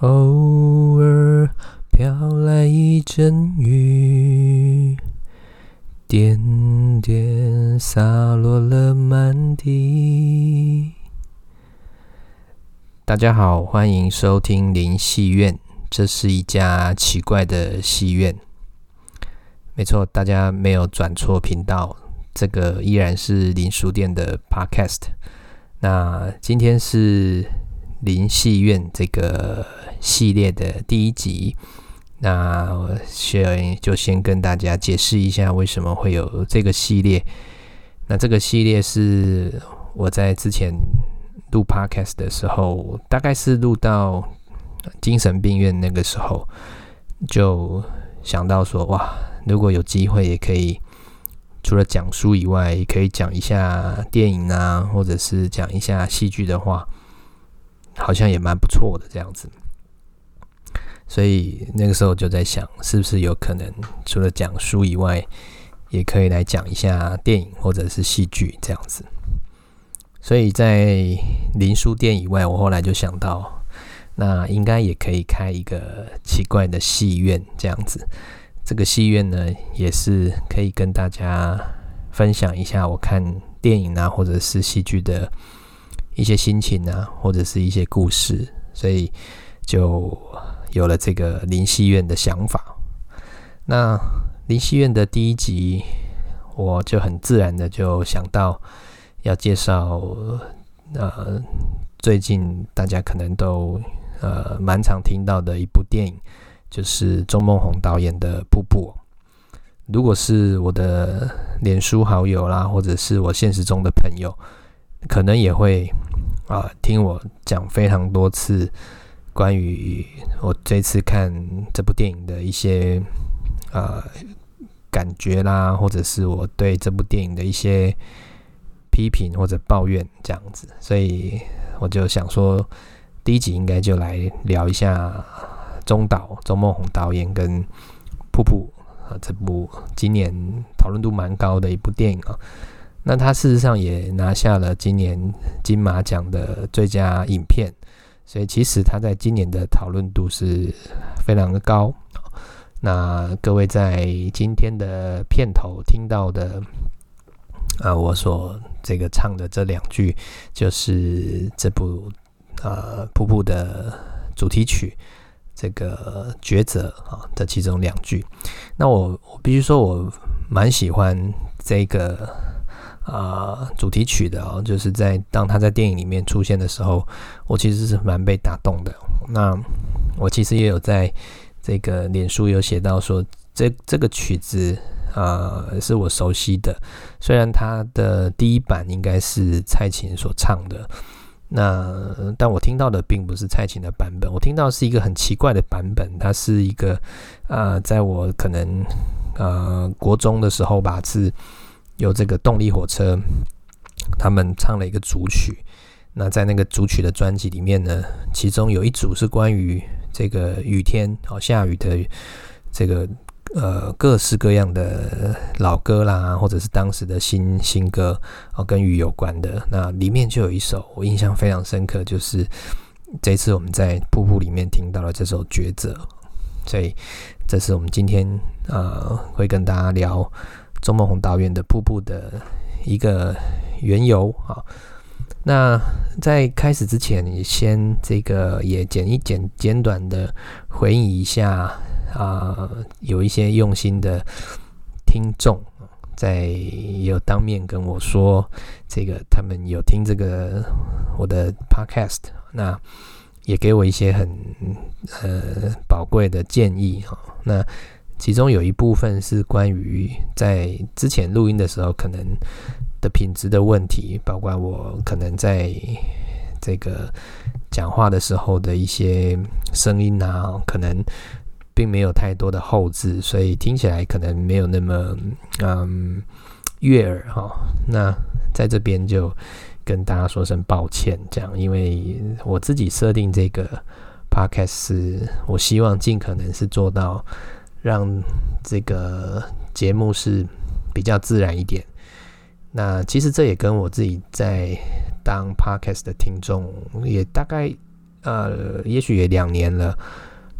偶爾飄來一陣雨，點點灑落了滿地。大家好，歡迎收聽林戲院，這是一家奇怪的戲院。沒錯，大家沒有轉錯頻道，這個依然是林書店的 Podcast。那今天是。林戲院這個系列的第一集，那我先就先跟大家解釋一下為什麼會有這個系列。那這個系列是我在之前錄 Podcast 的時候，大概是錄到精神病院那個時候，就想到說，哇，如果有機會也可以除了講書以外，也可以講一下電影啊，或者是講一下戲劇的話。好像也蠻不錯的這樣子，所以那個時候就在想，是不是有可能除了講書以外，也可以來講一下電影或者是戲劇這樣子。所以在林書店以外，我後來就想到，那應該也可以開一個奇怪的戲院這樣子。這個戲院呢，也是可以跟大家分享一下我看電影啊，或者是戲劇的。一些心情啊，或者是一些故事，所以就有了這個林戲院的想法。那林戲院的第一集，我就很自然的就想到要介紹呃最近大家可能都呃蠻常聽到的一部電影，就是鍾孟宏導演的《瀑布》。如果是我的臉書好友啦，或者是我現實中的朋友，可能也會啊、呃，聽我講非常多次關於我這次看這部電影的一些啊、呃、感覺啦，或者是我對這部電影的一些批評或者抱怨這樣子。所以我就想說，第一集應該就來聊一下鍾導、鍾孟宏導演跟瀑瀑《瀑布》啊，這部今年討論度蠻高的一部電影啊。那他事實上也拿下了今年金馬獎的最佳影片，所以其實他在今年的討論度是非常的高。那各位在今天的片頭聽到的啊、呃，我所這個唱的這兩句，就是這部呃《瀑布》的主題曲這個抉擇啊的其中兩句。那我我必須說，我蠻喜歡這個。啊、呃，主題曲的哦，就是在當他在電影裡面出現的時候，我其實是蠻被打動的。那我其實也有在這個臉書有寫到說，這這個曲子啊、呃、是我熟悉的，雖然他的第一版應該是蔡琴所唱的，那但我聽到的並不是蔡琴的版本，我聽到的是一個很奇怪的版本，它是一個啊、呃，在我可能呃國中的時候吧是。有這個動力火車，他們唱了一個組曲。那在那個組曲的專輯裡面呢，其中有一組是關於這個雨天好、哦、下雨的這個呃各式各樣的老歌啦，或者是當時的新新歌、哦、跟雨有關的。那裡面就有一首我印象非常深刻，就是這次我們在瀑布裡面聽到了這首《抉擇》。所以這是我們今天啊、呃、會跟大家聊鍾孟宏導演的《瀑布》的一個緣由啊，那在開始之前，也先這個也簡一簡簡短的回應一下啊、呃，有一些用心的聽眾在有當面跟我說，這個他們有聽這個我的 podcast，那也給我一些很呃寶貴的建議哈，那。其中有一部分是關於在之前錄音的時候可能的品質的問題，包括我可能在這個講話的時候的一些聲音啊，可能並沒有太多的後製，所以聽起來可能沒有那麼嗯悅耳哈。那在這邊就跟大家說聲抱歉，這樣，因為我自己設定這個 podcast 是我希望盡可能是做到。讓這個節目是比較自然一點。那其實這也跟我自己在當 podcast 的聽眾也大概呃，也許也兩年了。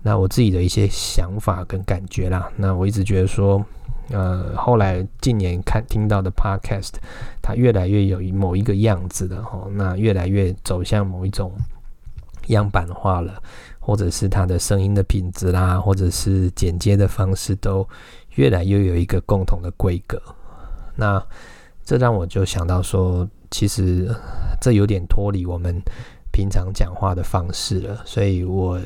那我自己的一些想法跟感覺啦。那我一直覺得說，呃，後來近年看聽到的 podcast，它越來越有某一個樣子的吼、哦，那越來越走向某一種樣板化了。或者是它的聲音的品質啦，或者是剪接的方式，都越來越有一個共同的規格。那這讓我就想到說，其實這有點脫離我們平常講話的方式了。所以我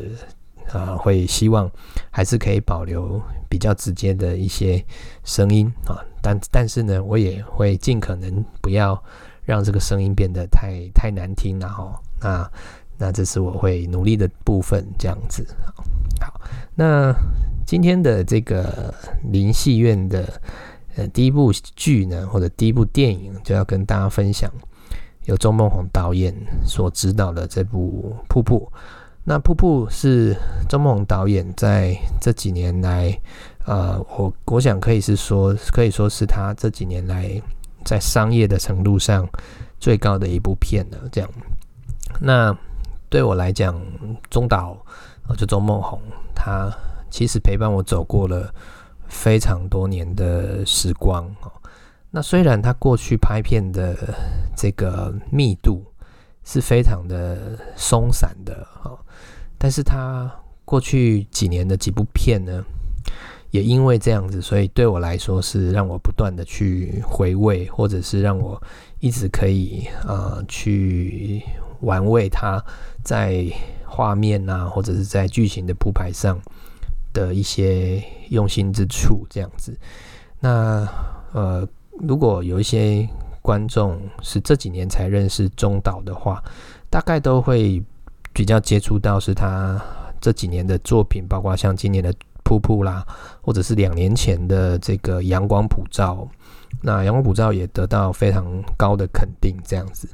啊，會希望還是可以保留比較直接的一些聲音啊，但但是呢，我也會盡可能不要讓這個聲音變得太太難聽了哦，那那這是我會努力的部分，這樣子好，好。那今天的這個林戲院的呃第一部劇呢，或者第一部電影，就要跟大家分享，由鍾孟宏導演所執導的這部《瀑布》。那《瀑布》是鍾孟宏導演在這幾年來，呃，我我想可以是說，可以說是他這幾年來在商業的程度上最高的一部片了。這樣，那。對我來講，鍾導就鍾孟宏，他其實陪伴我走過了非常多年的時光，那雖然他過去拍片的這個密度是非常的鬆散的，但是他過去幾年的幾部片呢，也因為這樣子，所以對我來說是讓我不斷的去回味，或者是讓我一直可以啊、呃、去玩味他，在畫面啊，或者是在劇情的鋪排上的一些用心之處，這樣子。那呃，如果有一些觀眾是這幾年才認識鍾導的話，大概都會比較接觸到是他這幾年的作品，包括像今年的《瀑布》啦，或者是兩年前的這個《陽光普照》。那《陽光普照》也得到非常高的肯定，這樣子。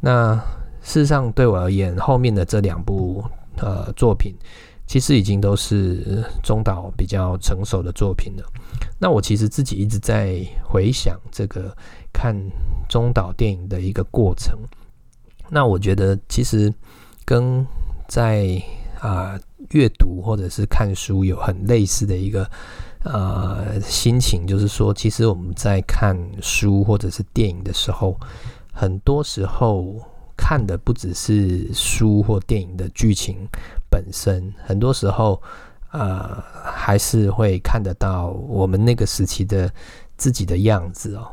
那事實上，對我而言，後面的這兩部呃作品，其實已經都是鍾導比較成熟的作品了。那我其實自己一直在回想這個看鍾導電影的一個過程。那我覺得，其實跟在啊、呃、閱讀或者是看書有很類似的一個啊、呃、心情，就是說，其實我們在看書或者是電影的時候，很多時候，看的不只是書或電影的劇情本身，很多時候，呃，還是會看得到我們那個時期的自己的樣子哦。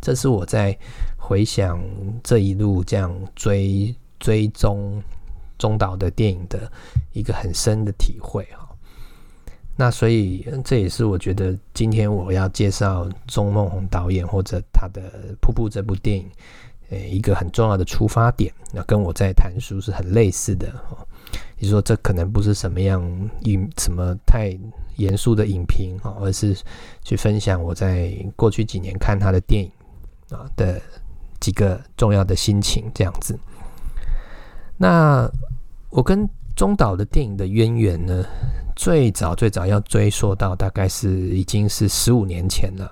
這是我在回想這一路這樣追追蹤鍾導的電影的一個很深的體會。哦，那所以這也是我覺得今天我要介紹鍾孟宏導演或者他的《瀑布》這部電影。呃，一個很重要的出發點，那跟我在談書是很類似的哦。你說這可能不是什麼樣影什麼太嚴肅的影評哦，而是去分享我在過去幾年看他的電影啊的幾個重要的心情這樣子。那我跟鍾導的電影的淵源呢，最早最早要追溯到大概是已經是十五年前了。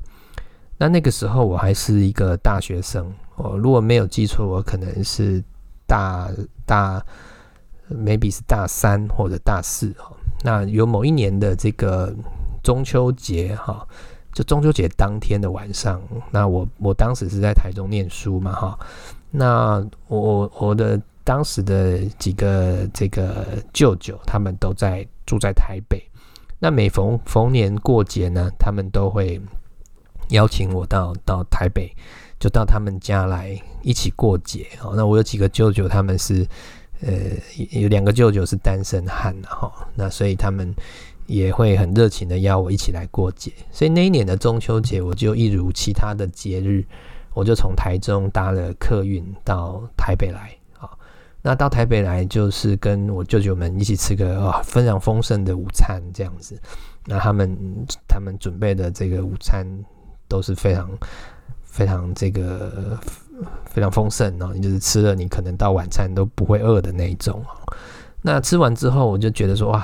那那個時候我還是一個大學生。我，哦，如果沒有記錯，我可能是大大 maybe 是大三或者，大四，哦，那有某一年的這個中秋節，哦，就中秋節當天的晚上，那我我當時是在台中念書嘛，哦，那我我的當時的幾個這個舅舅他們都在住在台北，那每逢逢年過節呢，他們都會邀請我到到台北。就到他們家來一起過節哦。那我有幾個舅舅，他們是呃有兩個舅舅是單身漢哈，那所以他們也會很熱情的邀我一起來過節。所以那一年的中秋節，我就一如其他的節日，我就從台中搭了客運到台北來。那到台北來就是跟我舅舅們一起吃個啊非常豐盛的午餐這樣子。那他們他們準備的這個午餐都是非常。非常這個非常豐盛哦，你就是吃了，你可能到晚餐都不會餓的那一種哦。那吃完之後，我就覺得說，哇，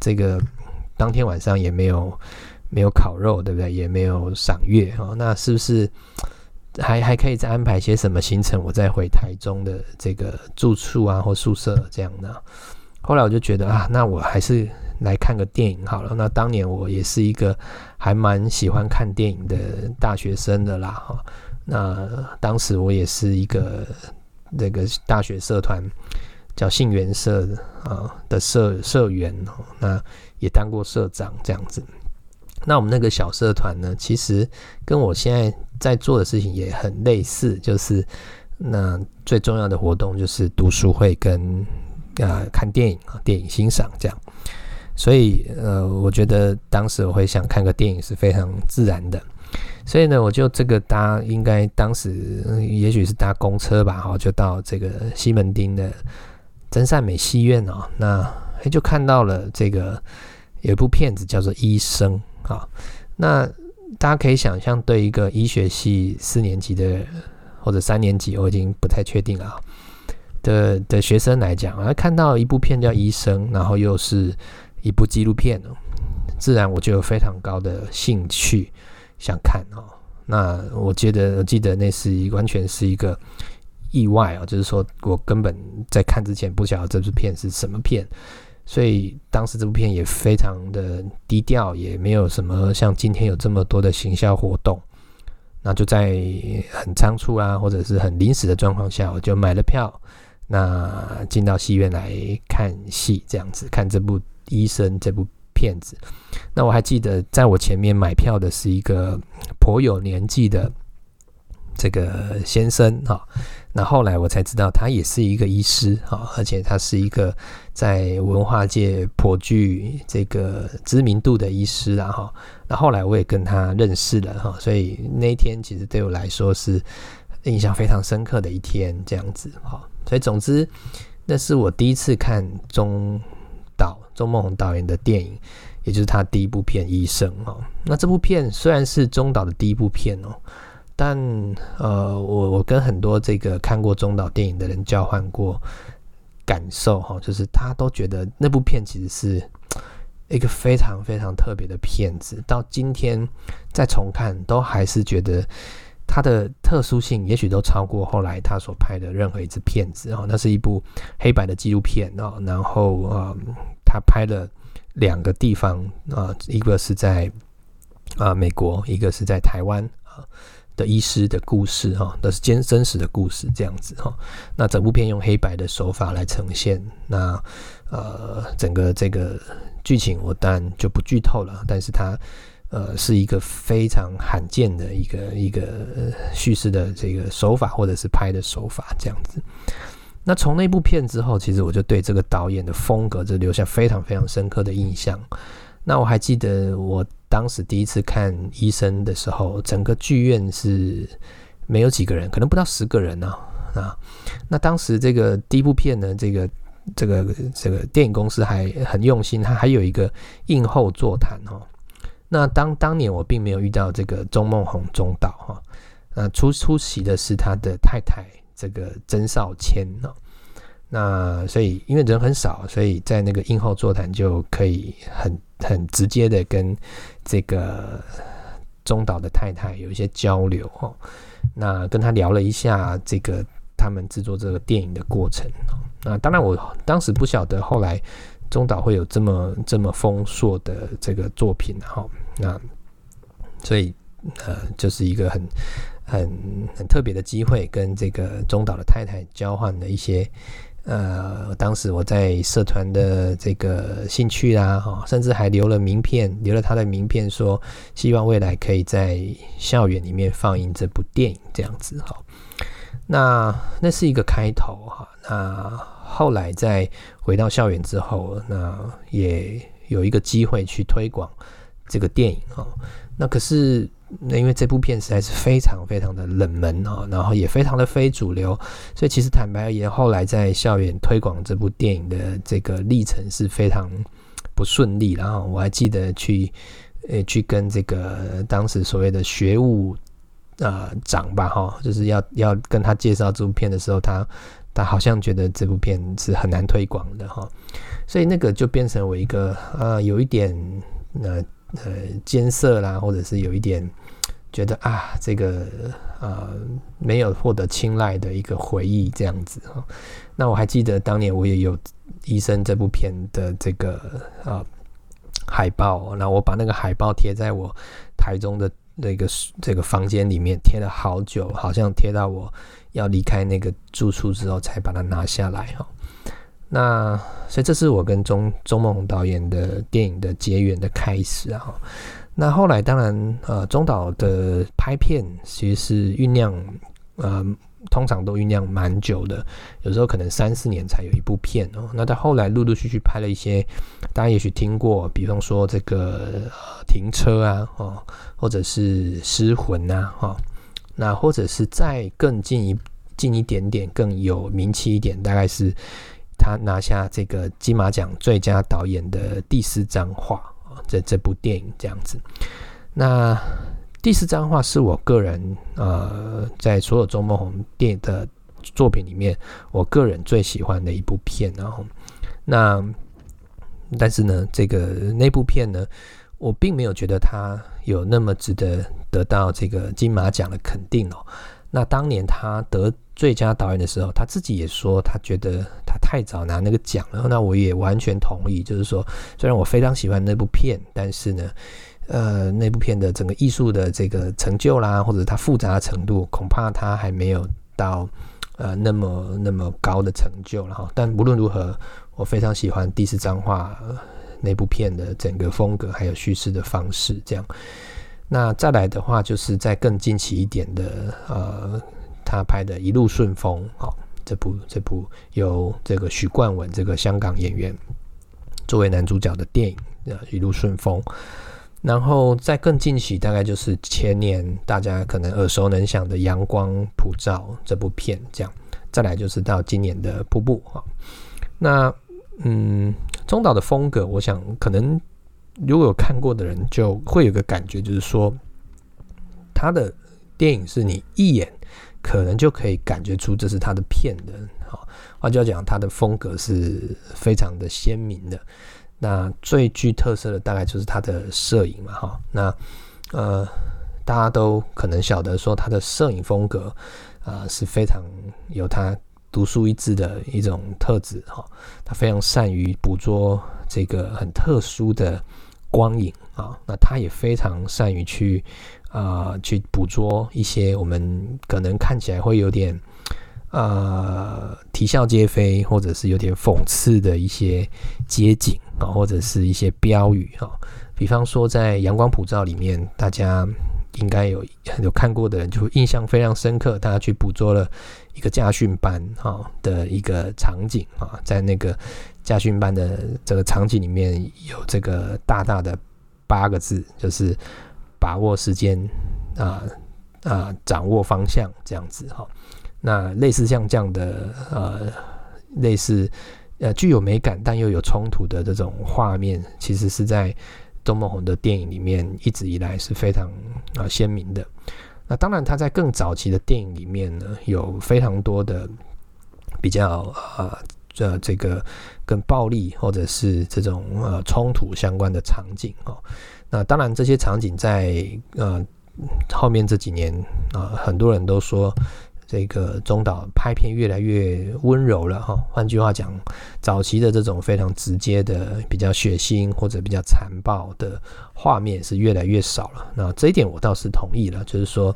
這個當天晚上也沒有沒有烤肉，對不對？也沒有賞月哦。那是不是還還可以再安排些什麼行程？我再回台中的這個住處啊，或宿舍這樣呢？後來我就覺得啊，那我還是來看個電影好了。那當年我也是一個。還蠻喜歡看電影的大學生的啦，那當時我也是一個那個大學社團叫信源社啊的社社員，那也當過社長這樣子。那我們那個小社團呢，其實跟我現在在做的事情也很類似，就是那最重要的活動就是讀書會跟啊、呃、看電影啊，電影欣賞這樣。所以，呃，我覺得當時我會想看個電影是非常自然的。所以呢，我就這個搭應該當時、嗯、也許是搭公車吧，哈、哦，就到這個西門町的真善美戲院哦。那誒就看到了這個有一部片子叫做《醫生》啊、哦。那大家可以想象，對一個醫學系四年級的或者三年級，我已經不太確定啊、哦、的的學生來講，啊，看到一部片叫《醫生》，然後又是，一部紀錄片哦，自然我就有非常高的興趣想看哦。那我覺得我記得那是完全是一個意外啊，就是說我根本在看之前不曉得這部片是什麼片，所以當時這部片也非常的低調，也沒有什麼像今天有這麼多的行銷活動。那就在很倉促啊，或者是很臨時的狀況下，我就買了票，那進到戲院來看戲，這樣子看這部。醫生這部片子，那我還記得，在我前面買票的是一個頗有年紀的這個先生哈，那後來我才知道他也是一個醫師哈，而且他是一個在文化界頗具這個知名度的醫師啊，哈，那後來我也跟他認識了哈，所以那天其實對我來說是印象非常深刻的一天這樣子哈，所以總之那是我第一次看中。導鍾孟宏導演的電影，也就是他第一部片《醫生》。那這部片雖然是鍾導的第一部片哦，但呃，我我跟很多這個看過鍾導電影的人交換過感受哈，就是他都覺得那部片其實是一個非常非常特別的片子，到今天再重看都還是覺得。他的特殊性也許都超過後來他所拍的任何一支片子哦，那是一部黑白的紀錄片哦，然後呃，他拍了兩個地方啊，一個是在啊美國，一個是在台灣啊的醫師的故事哈，都是真真實的故事這樣子哈。那整部片用黑白的手法來呈現，那呃，整個這個劇情我當然就不劇透了，但是他。呃，是一個非常罕見的一個一個敘事的這個手法，或者是拍的手法這樣子。那從那部片之後，其實我就對這個導演的風格就留下非常非常深刻的印象。那我還記得我當時第一次看《醫生》的時候，整個劇院是沒有幾個人，可能不到十個人呢、啊。啊，那當時這個第一部片呢，這個這個這個電影公司還很用心，他還有一個映後座談哦那當當年我並沒有遇到這個鍾孟宏鍾導哈，那出出席的是他的太太這個曾少千呢，那所以因為人很少，所以在那個映後座談就可以很很直接的跟這個鍾導的太太有一些交流哦，那跟他聊了一下這個他們製作這個電影的過程，那當然我當時不曉得後來。鍾導會有這麼這麼豐碩的這個作品哈，那所以呃，就是一個很很很特別的機會，跟這個鍾導的太太交換了一些呃，當時我在社團的這個興趣啊甚至還留了名片，留了他的名片，說希望未來可以在校園裡面放映這部電影這樣子那那是一個開頭哈，那後來在回到校園之後，那也有一個機會去推廣這個電影啊。那可是，那因為這部片實在是非常非常的冷門啊，然後也非常的非主流，所以其實坦白而言，後來在校園推廣這部電影的這個歷程是非常不順利。然後我還記得去誒、欸、去跟這個當時所謂的學務。呃，長吧，哈，就是要要跟他介紹這部片的時候，他他好像覺得這部片是很難推廣的，哈，所以那個就變成我一個啊、呃，有一點呃呃艱澀啦，或者是有一點覺得啊，這個啊、呃、沒有獲得青睞的一個回憶這樣子哈。那我還記得當年我也有醫生這部片的這個啊海報，那我把那個海報貼在我台中的。那、這個這個房間裡面貼了好久，好像貼到我要離開那個住處之後才把它拿下來哈。那所以這是我跟鍾鍾孟宏導演的電影的結緣的開始啊。那後來當然呃，鍾導的拍片其實是醞釀呃。通常都醞釀蠻久的，有時候可能三四年才有一部片哦。那他後來陸陸續續拍了一些，大家也許聽過，比方說這個停車啊，哦，或者是失魂啊，哦。那或者是再更近一，近一點點，更有名氣一點，大概是他拿下這個金馬獎最佳導演的第四張畫，哦，這，這部電影這樣子，那。第四張畫是我個人，呃，在所有鍾孟宏電影的作品裡面，我個人最喜歡的一部片。然後，那但是呢，這個那部片呢，我並沒有覺得他有那麼值得得到這個金馬獎的肯定哦、喔。那當年他得最佳導演的時候，他自己也說他覺得他太早拿那個獎了。那我也完全同意，就是說，雖然我非常喜歡那部片，但是呢。呃，那部片的整個藝術的這個成就啦，或者它複雜的程度，恐怕它還沒有到呃那麼那麼高的成就了哈。但無論如何，我非常喜歡第四張畫、呃、那部片的整個風格還有敘事的方式。這樣，那再來的話，就是再更近期一點的呃，他拍的《一路順風》哦、這部這部由這個許冠文這個香港演員作為男主角的電影、呃、《一路順風》。然後再更近期，大概就是前年大家可能耳熟能詳的《陽光普照》這部片，這樣，再來就是到今年的《瀑布》。那嗯，鍾導的風格，我想可能如果有看過的人，就會有個感覺，就是說他的電影是你一眼可能就可以感覺出這是他的片的好，換句話說，他的風格是非常的鮮明的。那最具特色的大概就是他的攝影嘛，哈，那呃，大家都可能曉得說他的攝影風格啊、呃、是非常有他獨樹一幟的一種特質，哈、哦，他非常善於捕捉這個很特殊的光影啊、哦，那他也非常善於去啊、呃、去捕捉一些我們可能看起來會有點呃啼笑皆非，或者是有點諷刺的一些街景。啊，或者是一些標語哈，比方說在《陽光普照》裡面，大家應該有有看過的人，就印象非常深刻。大家去捕捉了一個駕訓班哈的一個場景啊，在那個駕訓班的這個場景裡面有這個大大的八個字，就是把握時間啊啊，掌握方向這樣子哈。那類似像這樣的呃，類似。呃，具有美感但又有衝突的這種畫面，其實是在鍾孟宏的電影裡面一直以來是非常啊、呃、鮮明的。那當然，他在更早期的電影裡面呢，有非常多的比較啊、呃，呃，這個跟暴力或者是這種呃衝突相關的場景哦。那當然，這些場景在呃後面這幾年啊、呃，很多人都說。這個鍾導拍片越來越溫柔了哈、哦，換句話講，早期的這種非常直接的、比較血腥或者比較殘暴的畫面是越來越少了。那這一點我倒是同意了，就是說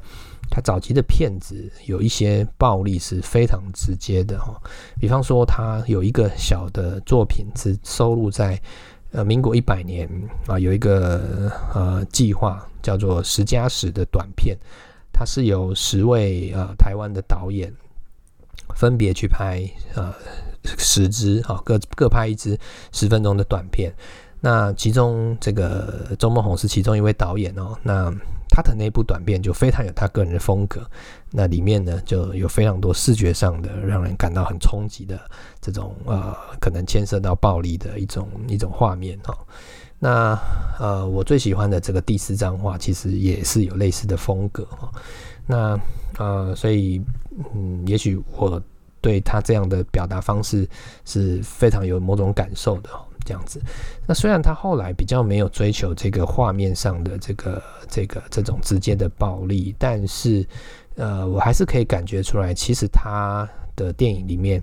他早期的片子有一些暴力是非常直接的哈、哦，比方說他有一個小的作品是收錄在呃民國一百年啊，有一個呃計劃叫做十加十的短片。它是由十位呃台灣的導演分別去拍呃十支啊、哦、各各拍一支十分鐘的短片。那其中這個鍾孟宏是其中一位導演哦，那他的那部短片就非常有他個人的風格。那裡面呢，就有非常多視覺上的讓人感到很衝擊的這種呃可能牽涉到暴力的一種一種畫面哈。哦那呃，我最喜歡的這個第四張畫，其實也是有類似的風格喔。那呃，所以嗯，也許我對他這樣的表達方式是非常有某種感受的喔，這樣子。那雖然他後來比較沒有追求這個畫面上的這個這個這種直接的暴力，但是呃，我還是可以感覺出來，其實他的電影裡面，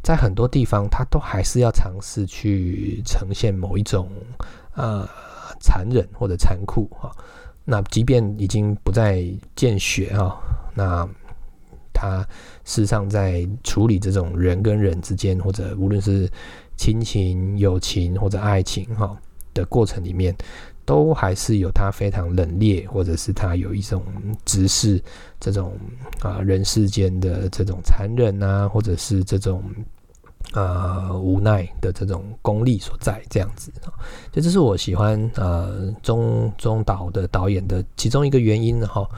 在很多地方他都還是要嘗試去呈現某一種。啊、呃，殘忍或者殘酷，哦、那即便已經不再見血啊、哦，那他事實上在處理這種人跟人之間，或者無論是親情、友情或者愛情，哦、的過程裡面，都還是有他非常冷冽，或者是他有一種直視這種啊、呃、人世間的這種殘忍啊，或者是這種。呃，無奈的這種功力所在，這樣子啊，就這是我喜歡呃鍾鍾導的導演的其中一個原因然後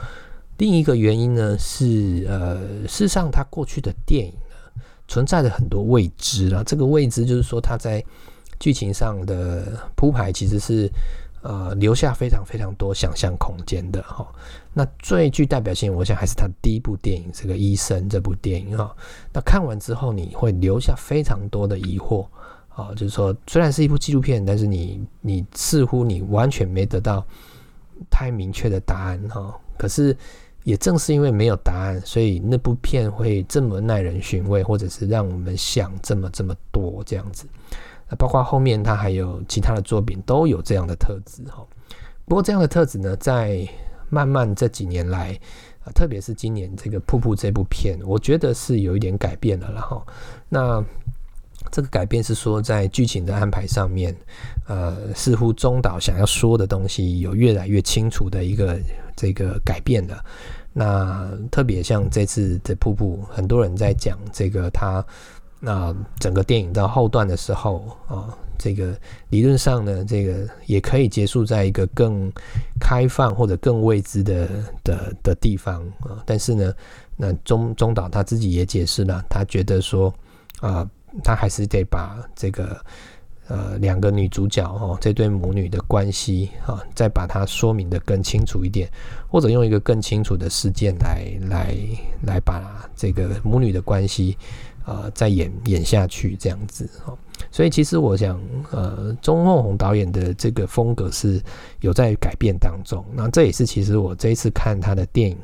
另一個原因呢是呃，事實上他過去的電影呢存在着很多未知了、啊，這個未知就是說他在劇情上的鋪排其實是呃留下非常非常多想象空間的哈。那最具代表性，我想還是他第一部電影《這個醫生》這部電影啊。那看完之後，你會留下非常多的疑惑啊。就是說，雖然是一部紀錄片，但是你你似乎你完全沒得到太明確的答案哈。可是，也正是因為沒有答案，所以那部片會這麼耐人尋味，或者是讓我們想這麼這麼多這樣子。那包括後面他還有其他的作品，都有這樣的特質哈。不過，這樣的特質呢，在慢慢這幾年來，特別是今年這個《瀑布》這部片，我覺得是有一點改變了。然後，那這個改變是說在劇情的安排上面，呃，似乎鍾導想要說的東西有越來越清楚的一個這個改變了。那特別像這次的《瀑布》，很多人在講這個他。那、啊、整個電影到後段的時候啊，這個理論上呢，這個也可以結束在一個更開放或者更未知的的的地方啊。但是呢，那鍾鍾導他自己也解釋了，他覺得說啊，他還是得把這個呃兩、啊、個女主角哦、啊、這對母女的關係啊再把它說明得更清楚一點，或者用一個更清楚的事件來來來把這個母女的關係。呃，再演演下去這樣子哦，所以其實我想，呃，鍾孟宏導演的這個風格是有在改變當中。那這也是其實我這一次看他的電影，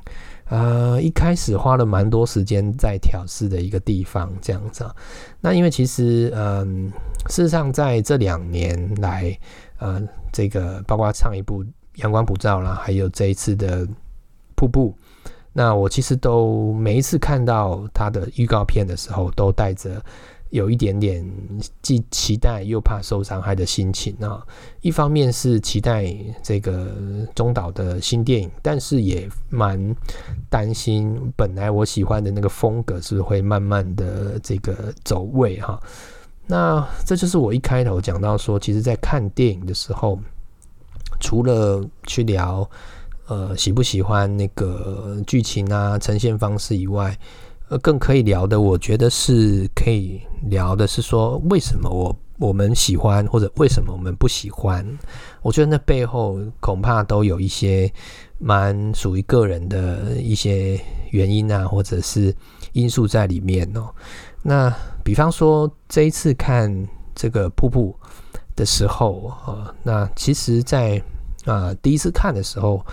呃，一開始花了蠻多時間在調試的一個地方這樣子。那因為其實，嗯、呃，事實上在這兩年來，呃，這個包括上一部《陽光普照》啦，還有這一次的《瀑布》。那我其實都每一次看到他的預告片的時候，都帶着有一點點既期待又怕受傷害的心情啊。一方面是期待這個鍾導的新電影，但是也蠻擔心本來我喜歡的那個風格是，是會慢慢的這個走位哈。那這就是我一開頭講到說，其實在看電影的時候，除了去聊。呃，喜不喜歡那個劇情啊，呈現方式以外，呃，更可以聊的，我覺得是可以聊的是說，為什麼我我們喜歡，或者為什麼我們不喜歡？我覺得那背後恐怕都有一些蠻屬於個人的一些原因啊，或者是因素在裡面哦、喔。那比方說這一次看這個瀑布的時候，呃，那其實，在啊，第一次看的時候，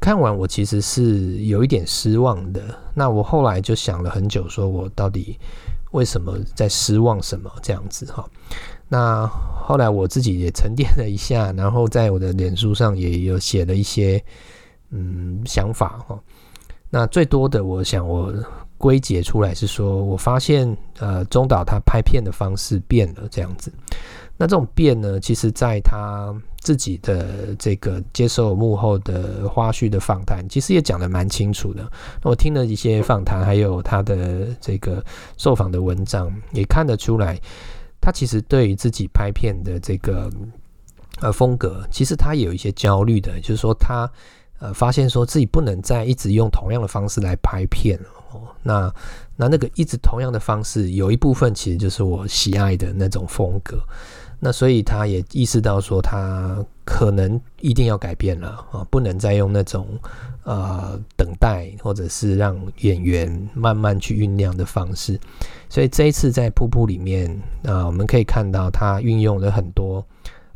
看完我其實是有一點失望的。那我後來就想了很久，說我到底為什麼在失望什麼這樣子哈。那後來我自己也沉澱了一下，然後在我的臉書上也有寫了一些嗯想法哈。那最多的，我想我歸結出來是說我發現，呃，鍾導他拍片的方式變了這樣子。那這種變呢，其實在他自己的這個接受幕後的花絮的訪談，其實也講得蠻清楚的。那我聽了一些訪談，還有他的這個受訪的文章，也看得出來，他其實對於自己拍片的這個呃風格，其實他也有一些焦慮的，就是說他呃發現說自己不能再一直用同樣的方式來拍片，喔。那那那個一直同樣的方式，有一部分其實就是我喜愛的那種風格。那所以他也意識到說，他可能一定要改變了啊，不能再用那種呃等待或者是讓演員慢慢去醞釀的方式。所以這一次在《瀑布》裡面啊、呃，我們可以看到他運用了很多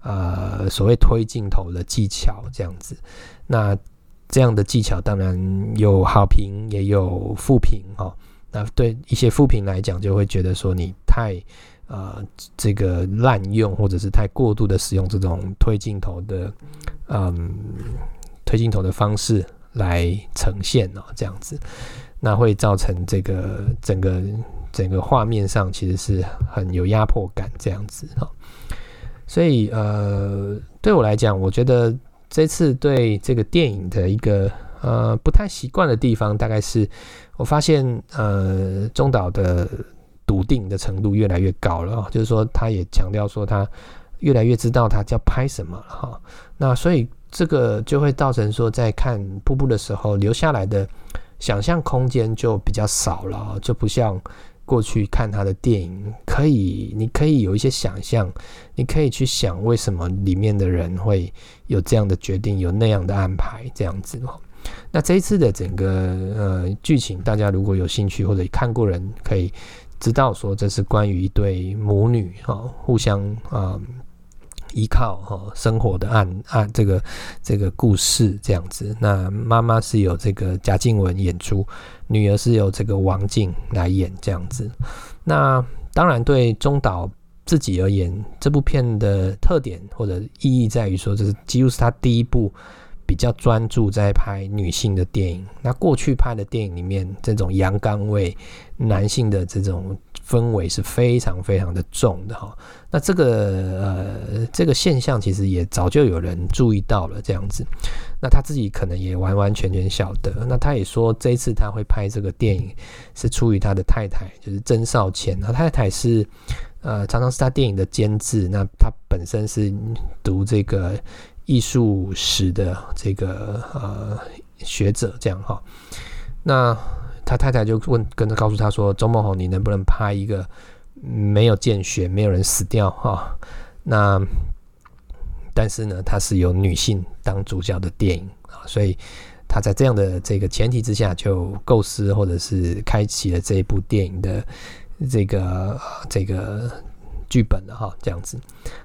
呃所謂推鏡頭的技巧，這樣子。那這樣的技巧當然有好評，也有負評哈。那對一些負評來講，就會覺得說你太。呃，這個濫用或者是太過度的使用這種推鏡頭的，嗯，推鏡頭的方式來呈現哦。這樣子，那會造成這個整個整個畫面上其實是很有壓迫感，這樣子。所以呃，對我來講，我覺得這次對這個電影的一個呃不太習慣的地方，大概是我發現呃鍾導的。篤定的程度越來越高了，喔，就是說，他也強調說，他越來越知道他要拍什麼了哈，喔。那所以這個就會造成說，在看瀑布的時候，留下來的想象空間就比較少了，喔，就不像過去看他的電影，可以，你可以有一些想象，你可以去想為什麼裡面的人會有這樣的決定，有那樣的安排這樣子，喔。那這一次的整個呃劇情，大家如果有興趣或者看過人，可以。知道說，這是關於一對母女哈、哦、互相啊、嗯、依靠哈、哦、生活的案案這個這個故事這樣子，那媽媽是有這個賈靜雯演出，女兒是有這個王靜來演這樣子。那當然對中島自己而言，這部片的特點或者意義在於說，這是幾乎是他第一部。比較專注在拍女性的電影，那過去拍的電影裡面，這種陽剛味、男性的這種氛圍是非常非常的重的哈。那這個呃，這個現象其實也早就有人注意到了，這樣子。那他自己可能也完完全全曉得。那他也說，這一次他會拍這個電影是出於他的太太，就是曾少謙。那他太太是呃，常常是他電影的監制。那他本身是讀這個。藝術史的這個呃學者，這樣哈，那他太太就問，跟着告訴他說：“鍾孟宏，你能不能拍一個沒有見血、沒有人死掉哈、哦？”那但是呢，它是由女性當主角的電影啊，所以他在這樣的這個前提之下，就構思或者是開啟了這一部電影的這個、呃、這個。劇本的哈這樣子，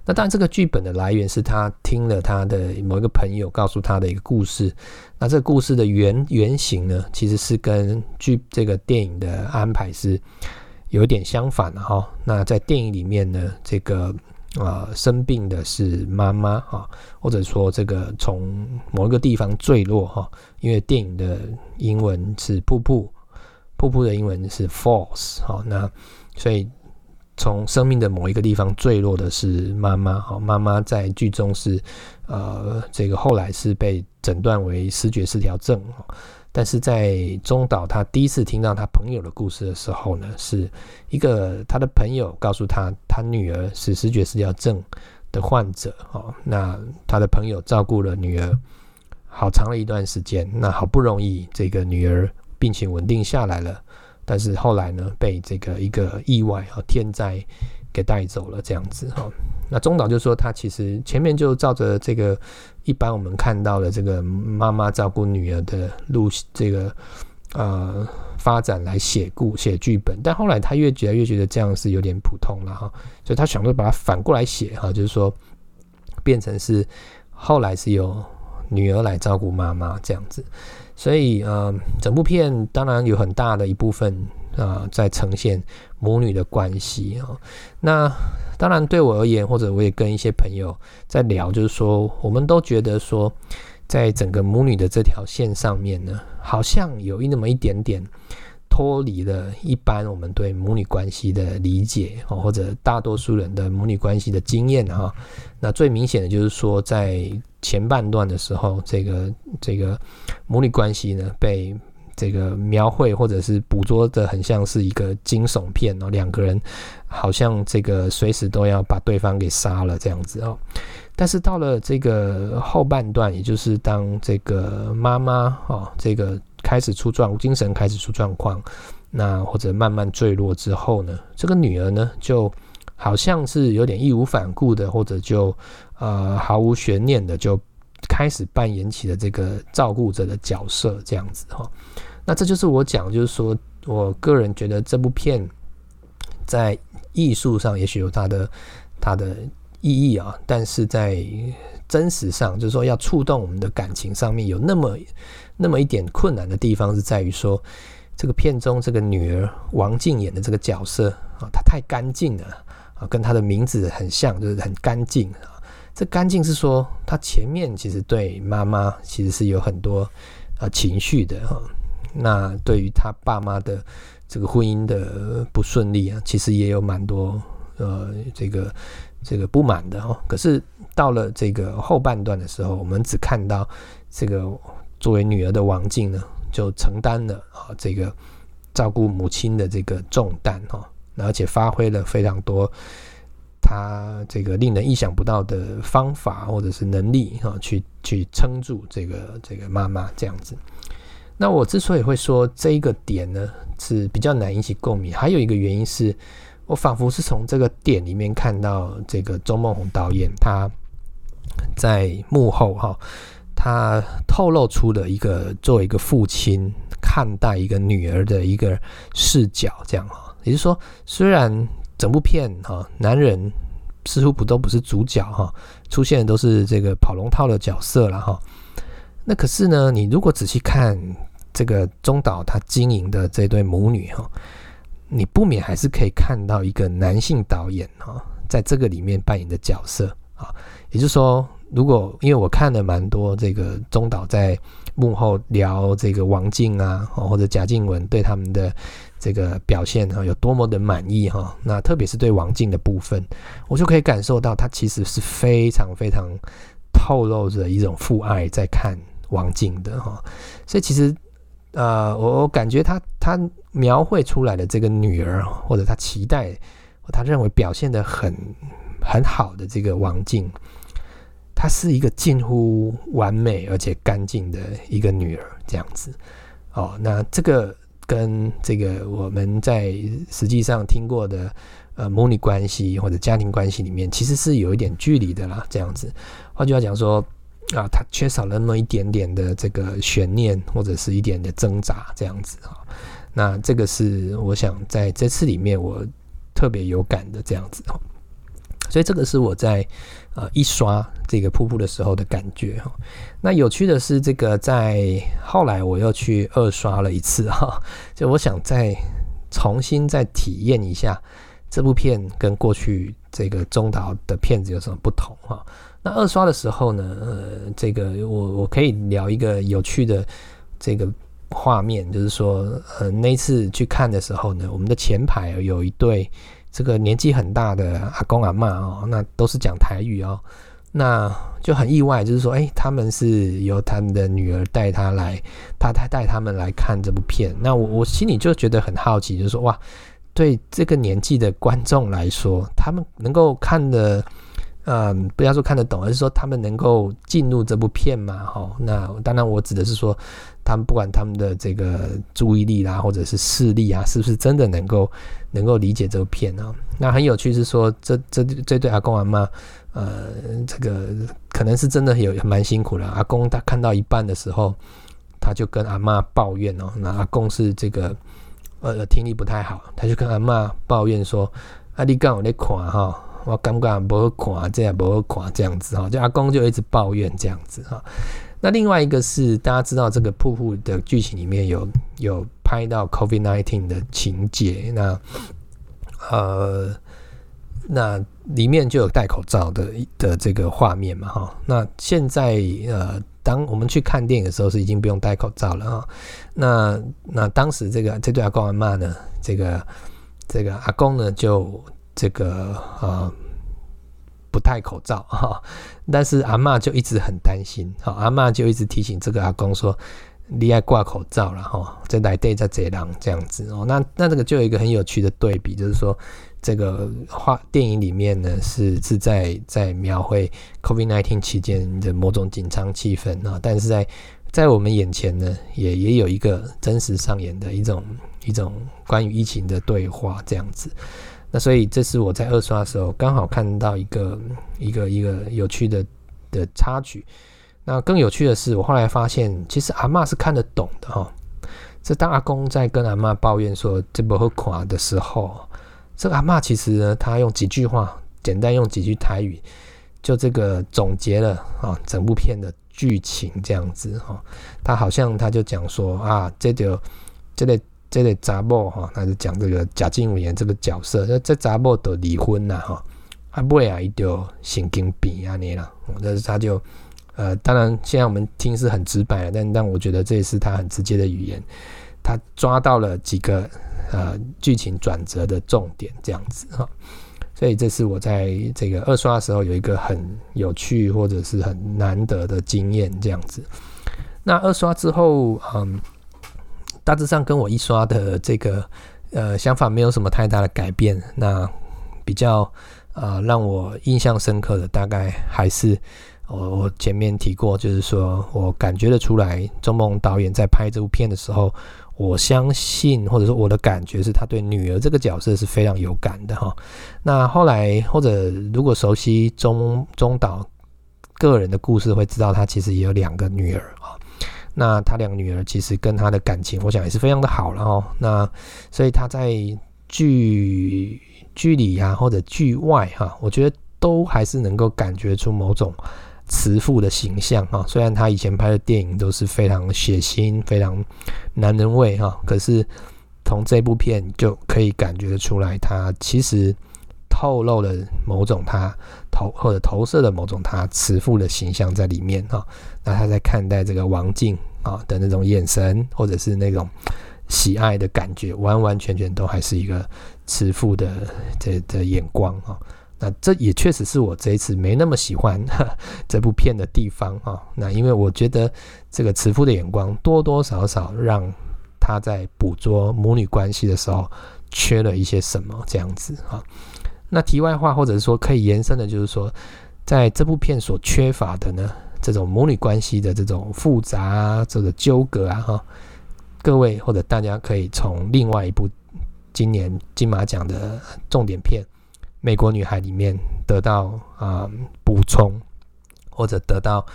那當然這個劇本的來源是他聽了他的某一個朋友告訴他的一個故事。那這個故事的原原型呢，其實是跟劇這個電影的安排是有一點相反的哈、哦。那在電影裡面呢，這個啊、呃、生病的是媽媽哈，或者說這個從某一個地方墜落哈，因為電影的英文是瀑布，瀑布的英文是 falls 哈，那所以。從生命的某一個地方墜落的是媽媽，哈，媽媽在劇中是，呃，這個後來是被診斷為思覺失調症，哈，但是在鍾導他第一次聽到他朋友的故事的時候呢，是一個他的朋友告訴他，他女兒是思覺失調症的患者，哈，那他的朋友照顧了女兒好長了一段時間，那好不容易這個女兒病情穩定下來了。但是後來呢，被這個一個意外啊天災給帶走了，這樣子哈。那鍾導就說，他其實前面就照着這個一般我們看到的這個媽媽照顧女兒的路，這個呃發展來寫故寫劇本。但後來他越覺得越覺得這樣是有點普通了哈，所以他想說把它反過來寫哈，就是說變成是後來是由女兒來照顧媽媽這樣子。所以，呃，整部片當然有很大的一部分，啊，在呈現母女的關係。那當然對我而言，或者我也跟一些朋友在聊，就是說，我們都覺得說，在整個母女的這條線上面呢，好像有那麼一點點脫離了一般我們對母女關係的理解，或者大多數人的母女關係的經驗哈。那最明顯的就是說，在前半段的時候，這個這個母女關係呢，被這個描繪或者是捕捉得很像是一個驚悚片哦、喔，兩個人好像這個隨時都要把對方給殺了這樣子哦、喔。但是到了這個後半段，也就是當這個媽媽哦，這個開始出狀精神開始出狀況，那或者慢慢墜落之後呢，這個女兒呢，就好像是有點義無反顧的，或者就。呃，毫無懸念的就開始扮演起了這個照顧者的角色，這樣子哈、哦。那這就是我講，就是說我個人覺得這部片在藝術上也許有它的它的意義啊，但是在真實上，就是說要觸動我們的感情上面，有那麼那麼一點困難的地方是在於說，這個片中這個女兒王淨演的這個角色啊，她太乾淨了啊，跟她的名字很像，就是很乾淨。這乾淨是說，他前面其實對媽媽其實是有很多啊、呃、情緒的哈、哦。那對於他爸媽的這個婚姻的不順利啊，其實也有蠻多呃這個這個不滿的哈、哦。可是到了這個後半段的時候，我們只看到這個作為女兒的王靜呢，就承擔了啊、哦、這個照顧母親的這個重擔哈、哦，而且發揮了非常多。他這個令人意想不到的方法或者是能力，哈，去去撐住這個這個媽媽這樣子。那我之所以會說這一個點呢是比較難引起共鳴，還有一個原因是我仿佛是從這個點裡面看到這個鍾孟宏導演他在幕後哈，他透露出了一個作為一個父親看待一個女兒的一個視角，這樣哈，也就是說雖然。整部片哈，男人似乎不都不是主角哈，出現的都是這個跑龍套的角色了哈。那可是呢，你如果仔細看這個鍾導他經營的這對母女哈，你不免還是可以看到一個男性導演哈，在這個裡面扮演的角色。也就是說，如果因為我看了蠻多這個鍾導在幕後聊這個王淨啊，或者賈靜雯對他們的這個表現哈有多麼的滿意哈？那特別是對王靜的部分，我就可以感受到他其實是非常非常透露着一種父愛在看王靜的哈。所以其實呃，我我感覺他他描繪出來的這個女兒，或者他期待他認為表現得很很好的這個王靜，她是一個近乎完美而且乾淨的一個女兒這樣子哦。那這個。跟這個我們在實際上聽過的，呃，母女關係或者家庭關係裡面，其實是有一點距離的啦。這樣子，換句話講說，啊，他缺少了那麼一點點的這個懸念，或者是一點的掙扎，這樣子啊。那這個是我想在這次裡面我特別有感的這樣子。所以這個是我在。啊、呃，一刷這個瀑布的時候的感覺哈，那有趣的是，這個在後來我又去二刷了一次哈、啊，就我想再重新再體驗一下這部片跟過去這個鍾導的片子有什麼不同哈、啊。那二刷的時候呢，呃，這個我我可以聊一個有趣的這個畫面，就是說，呃，那次去看的時候呢，我們的前排有一對。這個年紀很大的阿公阿媽哦，那都是講台語哦，那就很意外，就是說，誒、哎，他們是由他們的女兒帶他來，他他帶帶他們來看這部片。那我我心裡就覺得很好奇，就是說，哇，對這個年紀的觀眾來說，他們能夠看的。嗯，不要說看得懂，而是說他們能夠進入這部片嘛？吼，那當然，我指的是說，他們不管他們的這個注意力啦、啊，或者是視力啊，是不是真的能夠能夠理解這部片呢、啊？那很有趣是說，這這這對阿公阿嬤，呃，這個可能是真的有蠻辛苦了。阿公他看到一半的時候，他就跟阿嬤抱怨哦、喔。那阿公是這個呃聽力不太好，他就跟阿嬤抱怨說：“阿、啊、你剛我那款哈。”我感覺不好看，這也不好看，這樣子哈，就阿公就一直抱怨這樣子哈。那另外一個是大家知道，這個瀑布的劇情裡面有有拍到 COVID nineteen 的情節，那呃，那裡面就有戴口罩的的這個畫面嘛哈。那現在呃，當我們去看電影的時候，是已經不用戴口罩了哈，那那當時這個這對阿公阿媽呢，這個這個阿公呢就。這個呃，不戴口罩啊，但是阿嬤就一直很擔心啊，阿嬤就一直提醒這個阿公說，你愛掛口罩了哈，這再來戴在遮擋這樣子哦。那那這個就有一個很有趣的對比，就是說這個話電影裡面呢是是在在描繪 COVID-19 期間的某種緊張氣氛啊，但是在在我們眼前呢也也有一個真實上演的一種一種，一種關於疫情的對話這樣子。那所以，這是我在二刷的時候剛好看到一個一個一個有趣的的插曲。那更有趣的是，我後來發現，其實阿嬤是看得懂的哈。這當阿公在跟阿嬤抱怨說這不好看的時候，這阿嬤其實呢他，用幾句話，簡單用幾句台語，就這個總結了啊，整部片的劇情這樣子哈。他好像她就講說啊，這就這類、個。這個查某哈，他就講這個賈靜雯這個角色，那這查某都離婚了哈，不，會啊，伊就神經病啊，你啦。那、嗯、是他就呃，當然現在我們聽是很直白，但但我覺得這也是他很直接的語言，他抓到了幾個呃劇情轉折的重點這樣子哈、哦。所以這是我在這個二刷的時候有一個很有趣或者是很難得的經驗這樣子。那二刷之後，嗯。大致上跟我一刷的這個呃想法沒有什麼太大的改變。那比較啊、呃、讓我印象深刻的，大概還是我我前面提過，就是說我感覺得出來鍾孟宏導演在拍這部片的時候，我相信或者說我的感覺是他對女兒這個角色是非常有感的哈。那後來或者如果熟悉鍾、鍾導個人的故事，會知道他其實也有兩個女兒啊。那他倆女兒其實跟他的感情，我想也是非常的好了哦。那所以他在劇劇裡啊，或者劇外哈、啊，我覺得都還是能夠感覺出某種慈父的形象哈，雖然他以前拍的電影都是非常血腥、非常男人味哈，可是從這部片就可以感覺出來，他其實透露了某種他。投或者投射的某種他慈父的形象在裡面、哦、那他在看待這個王靜啊、哦、的那種眼神，或者是那種喜愛的感覺，完完全全都還是一個慈父的這的眼光啊、哦。那這也確實是我這一次沒那麼喜歡這部片的地方啊、哦。那因為我覺得這個慈父的眼光多多少少讓他在捕捉母女關係的時候缺了一些什麼這樣子啊。哦那題外話，或者是說可以延伸的，就是說，在這部片所缺乏的呢，這種母女關係的這種複雜、啊、這個糾葛啊，哈、哦，各位或者大家可以從另外一部今年金馬獎的重點片《美國女孩》裡面得到啊、呃、補充，或者得到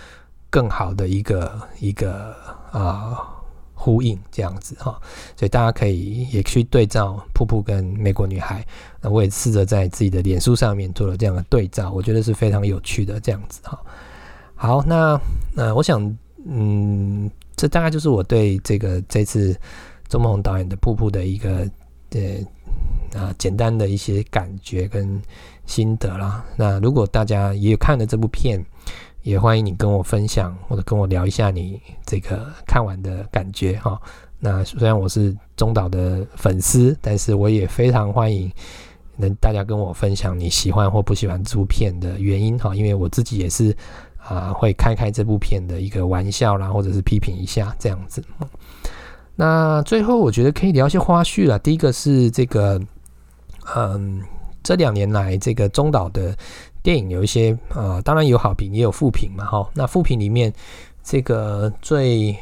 更好的一個一個啊。呃呼應這樣子哈，所以大家可以也去對照《瀑布》跟《美國女孩》，那我也試着在自己的臉書上面做了這樣的對照，我覺得是非常有趣的這樣子哈。好，那那我想，嗯，這大概就是我對這個這次鍾孟宏導演的《瀑布》的一個呃啊簡單的一些感覺跟心得啦。那如果大家也有看了這部片，也歡迎你跟我分享，或者跟我聊一下你這個看完的感覺哈。那雖然我是鍾導的粉絲，但是我也非常歡迎能大家跟我分享你喜歡或不喜歡這部片的原因哈。因為我自己也是啊、呃，會開開這部片的一個玩笑啦，或者是批評一下這樣子。那最後我覺得可以聊些花絮了。第一個是這個，嗯，這兩年來這個鍾導的。電影有一些啊、呃，當然有好評，也有負評嘛，哈、哦。那負評裡面，這個最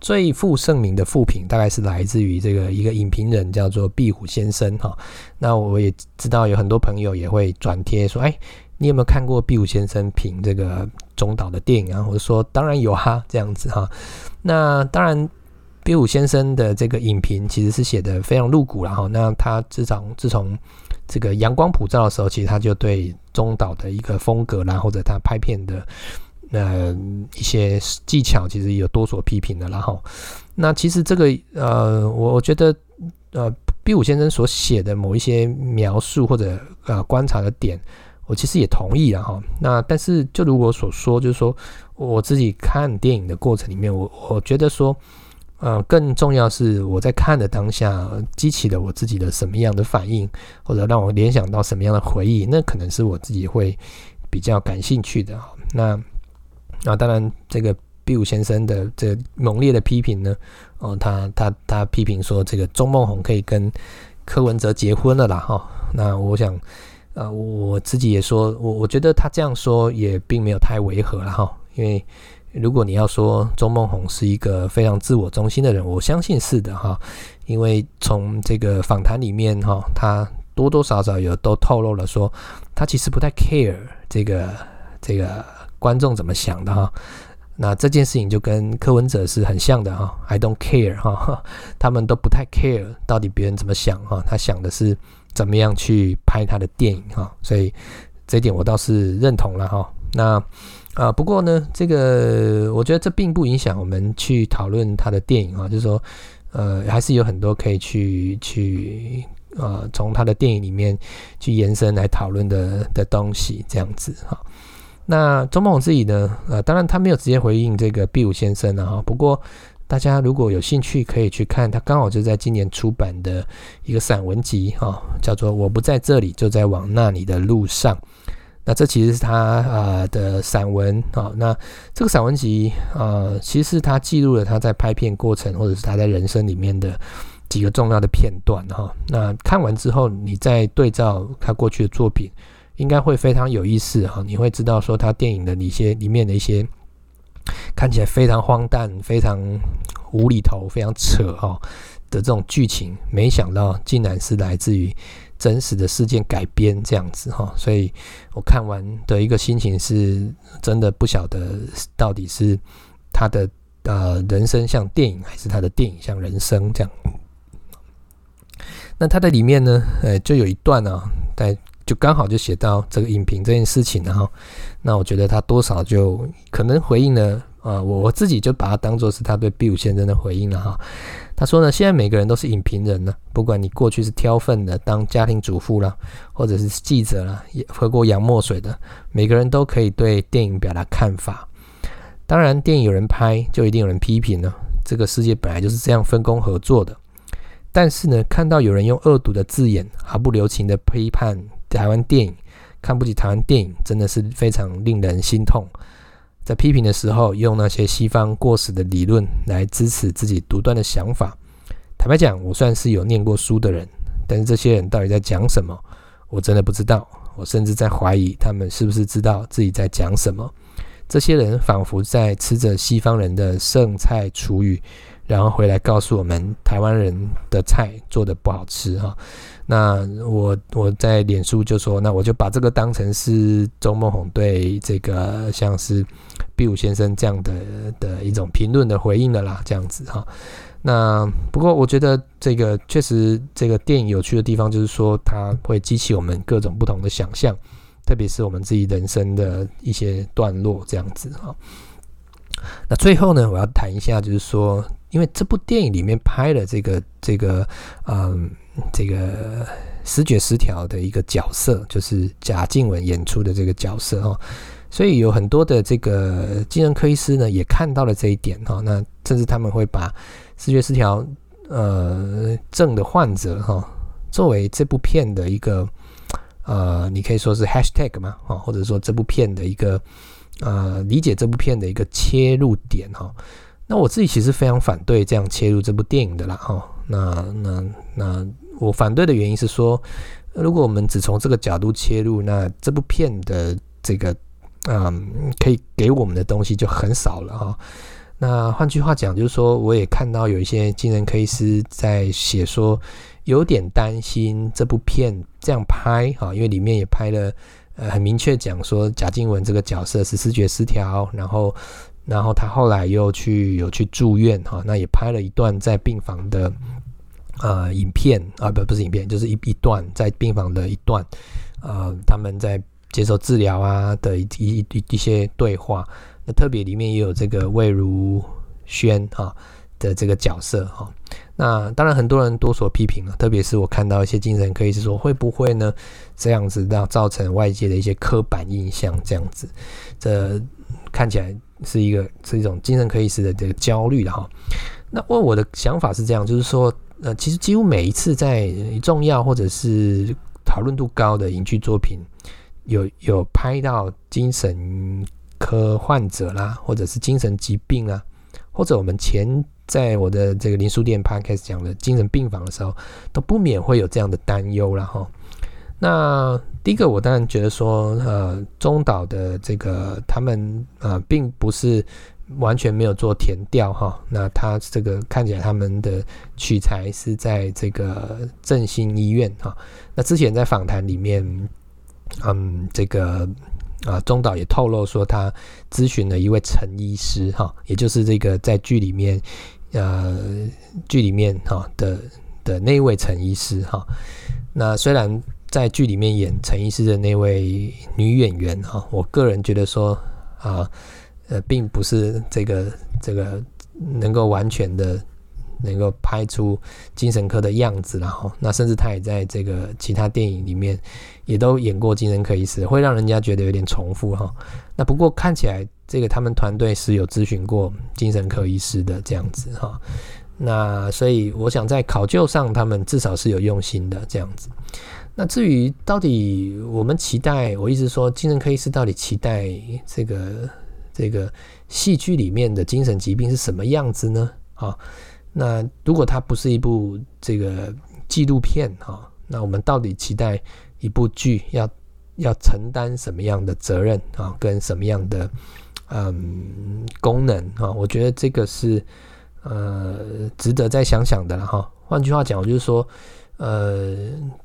最負盛名的負評，大概是來自於這個一個影評人叫做壁虎先生，哈、哦。那我也知道有很多朋友也會轉貼說，哎，你有沒有看過壁虎先生評這個鍾導的電影啊？我就說當然有哈、啊，這樣子哈、哦。那當然，壁虎先生的這個影評其實是寫得非常露骨了哈、哦。那他至少自從這個陽光普照的時候，其實他就對鍾導的一個風格，啦，或者他拍片的呃一些技巧，其實有多所批評的。然後，那其實這個呃，我我覺得呃，壁虎先生所寫的某一些描述或者呃觀察的點，我其實也同意了。然哈，那但是就如我所說，就是說我自己看電影的過程裡面，我我覺得說。嗯、呃，更重要是我在看的當下激起了我自己的什麼樣的反應，或者讓我聯想到什麼樣的回憶，那可能是我自己會比較感興趣的哈。那那當然，這個壁虎先生的這個猛烈的批評呢，哦、呃，他他他批評說這個鍾孟宏可以跟柯文哲結婚了啦哈。那我想，呃，我自己也說，我我覺得他這樣說也並沒有太違和了哈，因為。如果你要說鍾孟宏是一個非常自我中心的人，我相信是的哈，因為從這個訪談裡面哈，他多多少少有都透露了說，他其實不太 care 這個這個觀眾怎麼想的哈。那這件事情就跟柯文哲是很像的哈，I don't care 哈，他們都不太 care 到底別人怎麼想哈，他想的是怎麼樣去拍他的電影哈，所以這點我倒是認同了哈。那。啊，不過呢，這個我覺得這並不影響我們去討論他的電影啊，就是說，呃，還是有很多可以去去呃、啊，從他的電影裡面去延伸來討論的的東西，這樣子哈、啊。那鍾孟宏自己呢，呃、啊，當然他沒有直接回應這個壁虎先生啊，哈。不過大家如果有興趣，可以去看他剛好就在今年出版的一個散文集哈、啊，叫做《我不在這裡，就在往那裡的路上》。那這其實是他呃的散文好，那這個散文集啊，其實是他記錄了他在拍片過程，或者是他在人生裡面的幾個重要的片段哈。那看完之後，你再對照他過去的作品，應該會非常有意思哈。你會知道說他電影的一些裡面的一些看起來非常荒誕、非常無厘頭、非常扯哈的這種劇情，沒想到竟然是來自於。真實的事件改編這樣子哈，所以我看完的一個心情是，真的不曉得到底是他的呃人生像電影，還是他的電影像人生這樣。那他的裡面呢，呃、哎，就有一段啊，在就剛好就寫到這個影評這件事情、啊，然後那我覺得他多少就可能回應了。呃、啊，我我自己就把它當做是他對壁虎先生的回應了哈。他說呢，現在每個人都是影評人呢、啊，不管你過去是挑糞的、當家庭主婦啦，或者是記者啦，也喝過洋墨水的，每個人都可以對電影表達看法。當然，電影有人拍，就一定有人批評了、啊。這個世界本來就是這樣分工合作的。但是呢，看到有人用惡毒的字眼，毫不留情的批判台灣電影，看不起台灣電影，真的是非常令人心痛。在批評的時候，用那些西方過時的理論來支持自己獨斷的想法。坦白講，我算是有念過書的人，但是這些人到底在講什麼？我真的不知道。我甚至在懷疑他們是不是知道自己在講什麼。這些人仿佛在吃着西方人的剩菜廚餘，然後回來告訴我們台灣人的菜做得不好吃哈。那我我在臉書就說，那我就把這個當成是鍾孟宏對這個像是壁虎先生這樣的的一種評論的回應了啦，這樣子哈。那不過我覺得這個確實這個電影有趣的地方，就是說它會激起我們各種不同的想象特別是我們自己人生的一些段落這樣子哈。那最後呢，我要談一下，就是說，因為這部電影裡面拍的這個這個嗯。這個思覺失調的一個角色，就是賈靜雯演出的這個角色哦，所以有很多的這個精神科醫師呢，也看到了這一點哈。那甚至他們會把思覺失調呃症的患者哈，作為這部片的一個、呃、你可以說是 hashtag 嘛啊，或者說這部片的一個呃，理解這部片的一個切入點哈。那我自己其實非常反對這樣切入這部電影的啦哈。那那那。那我反對的原因是說，如果我們只從這個角度切入，那這部片的這個，嗯，可以給我們的東西就很少了哈，那換句話講，就是說，我也看到有一些精神科醫師在寫說，有點擔心這部片這樣拍哈，因為裡面也拍了，呃，很明確講說賈靜雯這個角色是思覺失調，然後，然後他後來又去有去住院哈，那也拍了一段在病房的。呃，影片啊，不不是影片，就是一一段在病房的一段，呃，他們在接受治療啊的一一一,一些對話，那特別裡面也有這個魏如萱哈、啊、的這個角色哈、啊。那當然，很多人多所批評了，特別是我看到一些精神科醫師說，會不會呢這樣子讓造成外界的一些刻板印象這樣子？這看起來是一個是一種精神科醫師的這個焦慮的哈、啊。那問我的想法是這樣，就是說。呃，其實幾乎每一次在重要或者是討論度高的影劇作品，有有拍到精神科患者啦，或者是精神疾病啊，或者我們前在我的這個林書店 Podcast 講的精神病房的時候，都不免會有這樣的擔憂啦。哈。那第一個，我當然覺得說，呃，鍾導的這個他們啊、呃，並不是。完全沒有做田調哈，那他這個看起來他們的取材是在這個振興醫院哈。那之前在訪談裡面，嗯，這個啊鍾導也透露說，他諮詢了一位陳醫師哈，也就是這個在劇裡面呃劇裡面哈的的那位陳醫師哈。那雖然在劇裡面演陳醫師的那位女演員哈，我個人覺得說啊。呃呃，並不是這個這個能夠完全的能夠拍出精神科的樣子啦齁，然後那甚至他也在這個其他電影裡面也都演過精神科醫師，會讓人家覺得有點重複哈。那不過看起來這個他們團隊是有諮詢過精神科醫師的這樣子哈。那所以我想在考究上，他們至少是有用心的這樣子。那至於到底我們期待，我一直說精神科醫師到底期待這個。這個戲劇裡面的精神疾病是什麼樣子呢？啊，那如果它不是一部這個紀錄片啊，那我們到底期待一部劇要要承擔什麼樣的責任啊，跟什麼樣的嗯功能啊？我覺得這個是呃值得再想想的了。換句話講，我就是說，呃，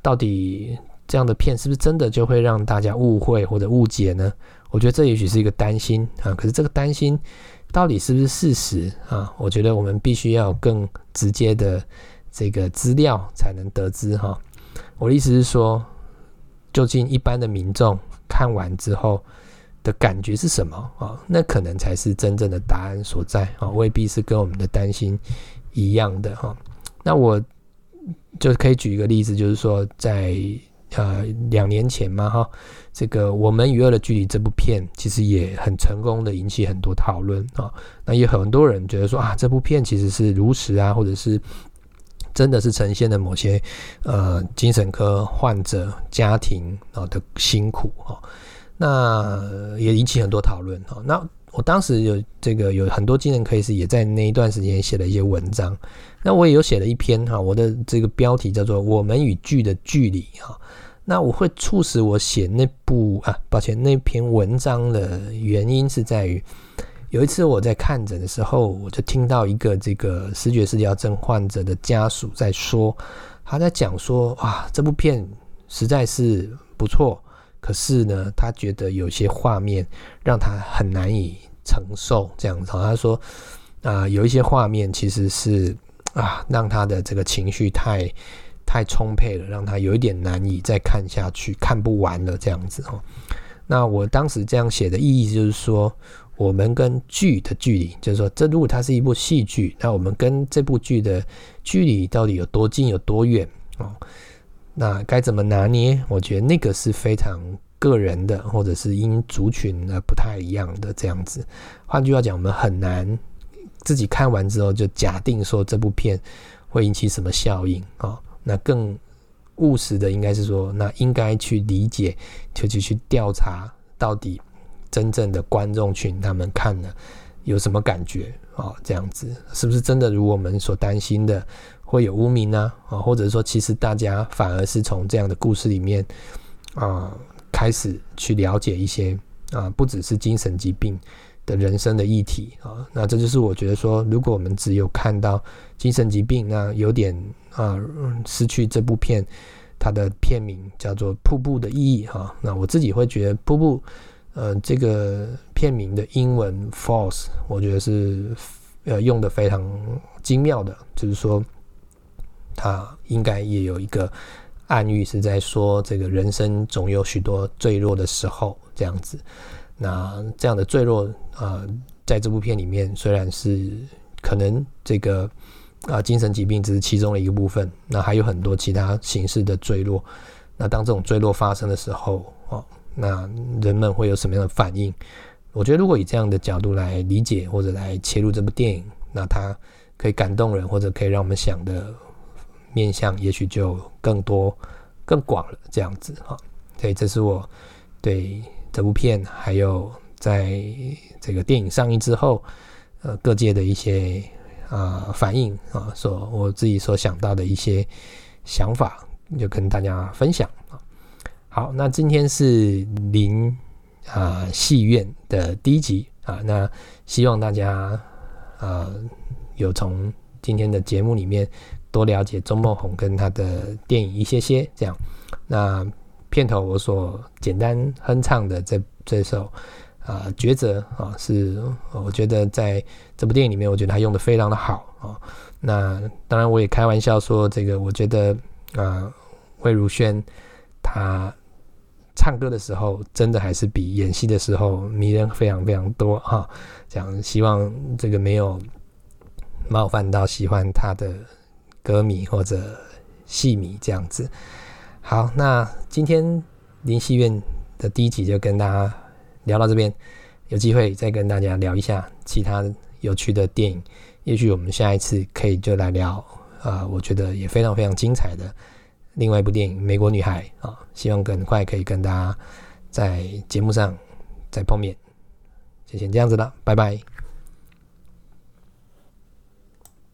到底這樣的片是不是真的就會讓大家誤會或者誤解呢？我覺得這也許是一個擔心啊，可是這個擔心到底是不是事實啊？我覺得我們必須要有更直接的這個資料才能得知哈、啊。我的意思是說，究竟一般的民眾看完之後的感覺是什麼啊？那可能才是真正的答案所在啊，未必是跟我們的擔心一樣的哈、啊。那我就可以舉一個例子，就是說在。呃，兩年前嘛，哈，這個《我們與惡的距離》這部片其實也很成功的引起很多討論哈，那也有很多人覺得說啊，這部片其實是如實啊，或者是真的是呈現了某些呃精神科患者家庭啊的辛苦哈。那也引起很多討論哈。那我當時有這個有很多精神科醫師也在那一段時間寫了一些文章。那我也有寫了一篇哈、啊，我的這個標題叫做《我們與劇的距離》哈、啊。那我會促使我寫那部啊，抱歉那篇文章的原因是在於，有一次我在看診的時候，我就聽到一個這個思覺失調症患者的家屬在說，他在講說啊，這部片實在是不錯，可是呢，他覺得有些畫面讓他很難以承受，這樣子。他說啊，有一些畫面其實是。啊，讓他的這個情緒太太充沛了，讓他有一點難以再看下去，看不完了這樣子哦，那我當時這樣寫的意義就是說，我們跟劇的距離，就是說，這如果它是一部戲劇，那我們跟這部劇的距離到底有多近，有多遠哦，那該怎麼拿捏？我覺得那個是非常個人的，或者是因族群而不太一樣的這樣子。換句話講，我們很難。自己看完之後，就假定說這部片會引起什麼效應啊、哦？那更務實的應該是說，那應該去理解，就去去調查到底真正的觀眾群他們看了有什麼感覺啊、哦？這樣子是不是真的如我們所擔心的會有汙名呢、啊？啊、哦，或者說其實大家反而是從這樣的故事裡面啊、呃、開始去了解一些啊、呃，不只是精神疾病。的人生的議題啊，那這就是我覺得說，如果我們只有看到精神疾病，那有點啊、呃，失去這部片它的片名叫做《瀑布》的意義哈。那我自己會覺得，《瀑布》呃，這個片名的英文 Falls，我覺得是呃用的非常精妙的，就是說它應該也有一個暗喻，是在說這個人生總有許多墜落的時候，這樣子。那這樣的墜落。啊、呃，在這部片裡面，雖然是可能這個啊、呃，精神疾病只是其中的一個部分，那還有很多其他形式的墜落。那當這種墜落發生的時候，哦，那人們會有什麼樣的反應？我覺得，如果以這樣的角度來理解或者來切入這部電影，那它可以感動人，或者可以讓我們想的面向，也許就更多、更廣了。這樣子哈、哦，所以這是我對這部片還有。在這個電影上映之後，呃，各界的一些啊、呃、反應啊，所我自己所想到的一些想法，就跟大家分享啊。好，那今天是林啊戲院的第一集啊，那希望大家、啊、有從今天的節目裡面多了解鍾孟宏跟他的電影一些些這樣。那片頭我所簡單哼唱的這這首。啊，抉擇啊，是我覺得在這部電影裡面，我覺得他用得非常的好啊。那當然，我也開玩笑說，這個我覺得啊，魏如萱她唱歌的時候，真的還是比演戲的時候迷人非常非常多哈，這、啊、樣，想希望這個沒有冒犯到喜歡她的歌迷或者戲迷這樣子。好，那今天林戲院的第一集就跟大家。聊到這邊，有機會再跟大家聊一下其他有趣的電影，也許我們下一次可以就來聊啊、呃，我覺得也非常非常精彩的另外一部電影《美國女孩》啊、哦，希望很快可以跟大家在節目上再碰面，就先這樣子了，拜拜。